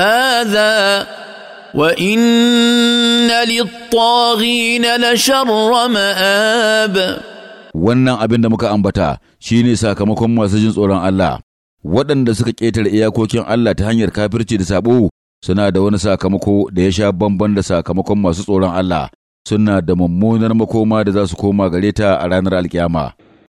هذا وإن للطاغين لشر مآب wannan abin da muka ambata shi ne sakamakon masu jin tsoron Allah waɗanda suka ƙetare iyakokin Allah ta hanyar kafirci da sabo suna da wani sakamako da ya sha bamban da sakamakon masu tsoron Allah suna da mummunar makoma da za su koma gare ta a ranar alkiyama.